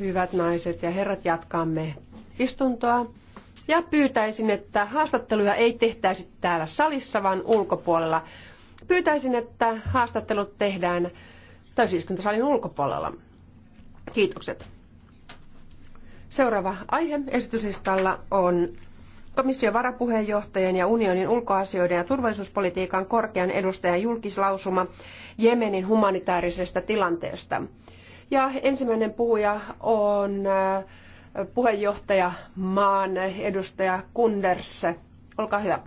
Hyvät naiset ja herrat, jatkamme istuntoa. Ja pyytäisin, että haastatteluja ei tehtäisi täällä salissa, vaan ulkopuolella. Pyytäisin, että haastattelut tehdään täysistuntosalin ulkopuolella. Kiitokset. Seuraava aihe esityslistalla on Komission varapuheenjohtajan ja unionin ulkoasioiden ja turvallisuuspolitiikan korkean edustajan julkislausuma Jemenin humanitaarisesta tilanteesta. Ja ensimmäinen puhuja on äh, puheenjohtaja maan edustaja Kunders. Olkaa hyvä.